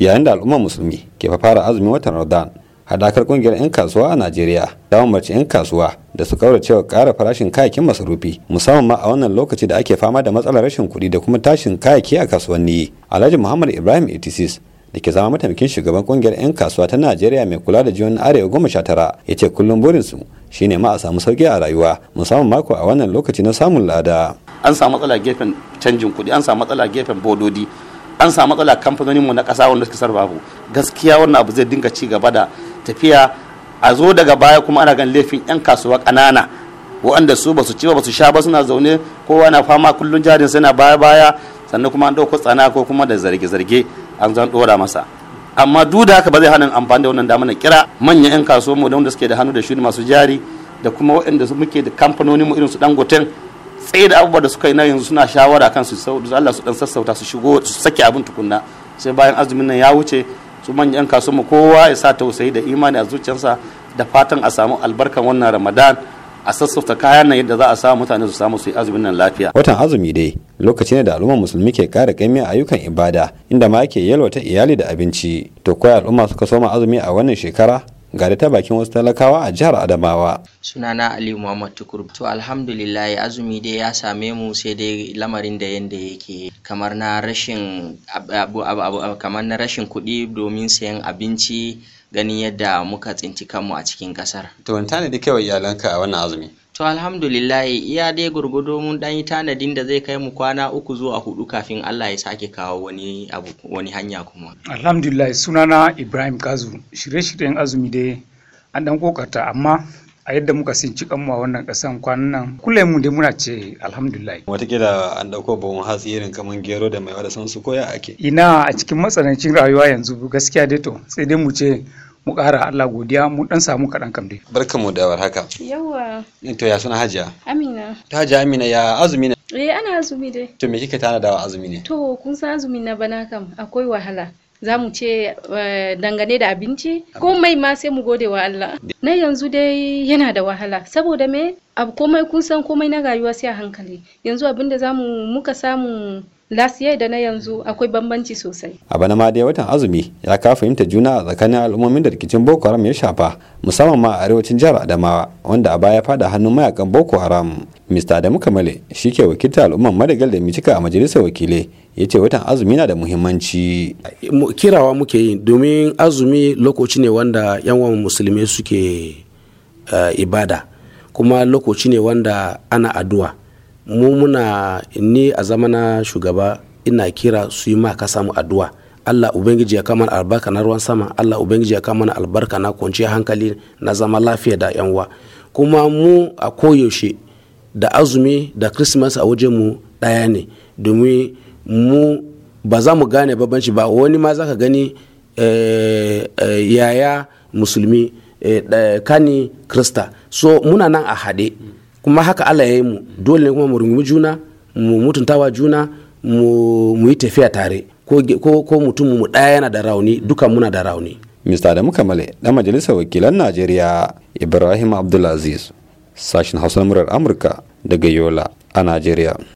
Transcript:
yayin da al'ummar musulmi ke fara azumin watan ramadan hadakar kungiyar 'yan kasuwa a najeriya ta umarci 'yan kasuwa da su kaura cewa kara farashin kayakin masarufi musamman ma a wannan lokaci da ake fama da matsalar rashin kuɗi da kuma tashin kayaki a kasuwanni alhaji muhammad ibrahim 86 da ke zama mataimakin shugaban kungiyar 'yan kasuwa ta najeriya mai kula da jihohin arewa goma sha tara ya ce kullum burinsu shine ma a samu sauki a rayuwa musamman mako a wannan lokaci na samun lada an samu matsala gefen canjin kuɗi an samu matsala gefen bododi an samu matsala kamfanonin mu na ƙasa wanda suka sarrafa gaskiya wannan abu zai dinga ci gaba da tafiya a zo daga baya kuma ana gan laifin yan kasuwa ƙanana waɗanda su ba su ci ba su sha ba suna zaune kowa na fama kullun jarin sai na baya baya sannan kuma an ɗauko tsana ko kuma da zarge-zarge an zan ɗora masa amma duk da haka ba zai hana amfani da wannan damar na kira manyan 'yan mu da wanda suke da hannu da shuni masu jari da kuma waɗanda muke da kamfanonin mu irin su dangoten tsaye da abubuwa da suka yi na yanzu suna shawara kan su Allah su dan sassauta su shigo su sake abin tukunna sai bayan azumin nan ya wuce su manyan kasu mu kowa ya sa tausayi da imani a zuciyarsa da fatan a samu albarkan wannan Ramadan a sassauta kayan nan yadda za a samu mutane su samu su yi azumin nan lafiya. Watan azumi dai lokaci ne da al'ummar musulmi ke kara kaimi a ayyukan ibada inda ma ake yalwata iyali da abinci. To koya al'umma suka soma azumi a wannan shekara? ga da ta bakin wasu talakawa a jihar adamawa sunana ali muhammad tukur to alhamdulillah azumi dai ya same mu sai dai lamarin da yanda yake kamar na rashin kamar na rashin kuɗi domin sayan abinci ganin yadda muka tsinci kanmu a cikin kasar to ne tanadi kawai iyalanka a wannan azumi So alhamdulillahi iya dai gurgudo mun dan yi tanadin da zai kai mu kwana uku zuwa hudu kafin Allah ya sake kawo wani abu wani hanya kuma. Alhamdulillah sunana Ibrahim Kazu shirye-shiryen azumi dai an dan kokarta amma a yadda muka sinci kanmu a wannan kasan kwanan nan kullum mu dai muna ce alhamdulillah watakila an dauko bawon hatsi irin kaman gero da mai wada sansu koya ake ina a cikin matsanancin rayuwa yanzu gaskiya dai to sai dai mu ce mu ƙara Allah godiya mu dan samu kaɗan kam dai. Barkanmu da warhaka. Yawa. To ya suna Hajiya? Amina. Ta Hajiya Amina ya azumi ne? Eh ana azumi dai. To me kika tana da azumi ne? To kun san azumi na bana kam akwai wahala. za mu ce eh, dangane da abinci ko mai ma sai mu gode wa Allah na yanzu dai yana da wahala saboda me abu komai kun san komai na rayuwa sai a hankali yanzu abinda za mu muka samu lasiyai da na yanzu akwai bambanci sosai. A bana ma dai watan azumi ya ka fahimta juna a tsakanin al'ummomin da rikicin Boko Haram ya shafa musamman ma a arewacin jihar Adamawa wanda a baya fada hannun mayakan Boko Haram. Mr. Adamu Kamale shi ke wakilta al'umman Madagal da Micika a majalisar wakilai ya ce watan azumi na da muhimmanci. Kirawa muke yi domin azumi lokaci ne wanda yan musulmai suke eh, ibada kuma lokaci ne wanda ana addu'a. mu muna ni a na shugaba ina kira su yi ma kasa mu addu'a Allah Ubangiji ya kama albarka na ruwan sama Allah Ubangiji ya kama albarka na kwanciyar hankali na zama lafiya da yan uwa kuma mu a koyaushe da azumi da christmas a wajen mu ɗaya ne domin mu ba za mu gane babanci ba wani ma za gani eh, eh, yaya musulmi kani eh, krista so muna nan a haɗe kuma haka Allah ya yi mu dole ne kuma mu rungumi juna mu mutunta mutuntawa juna mu yi tafiya tare ko mutum mu ɗaya yana da rauni duka muna da rauni Mr. Adamu Kamale ɗan majalisar wakilan Najeriya Ibrahim Abdulaziz sashin Hausa murar Amurka daga Yola a Najeriya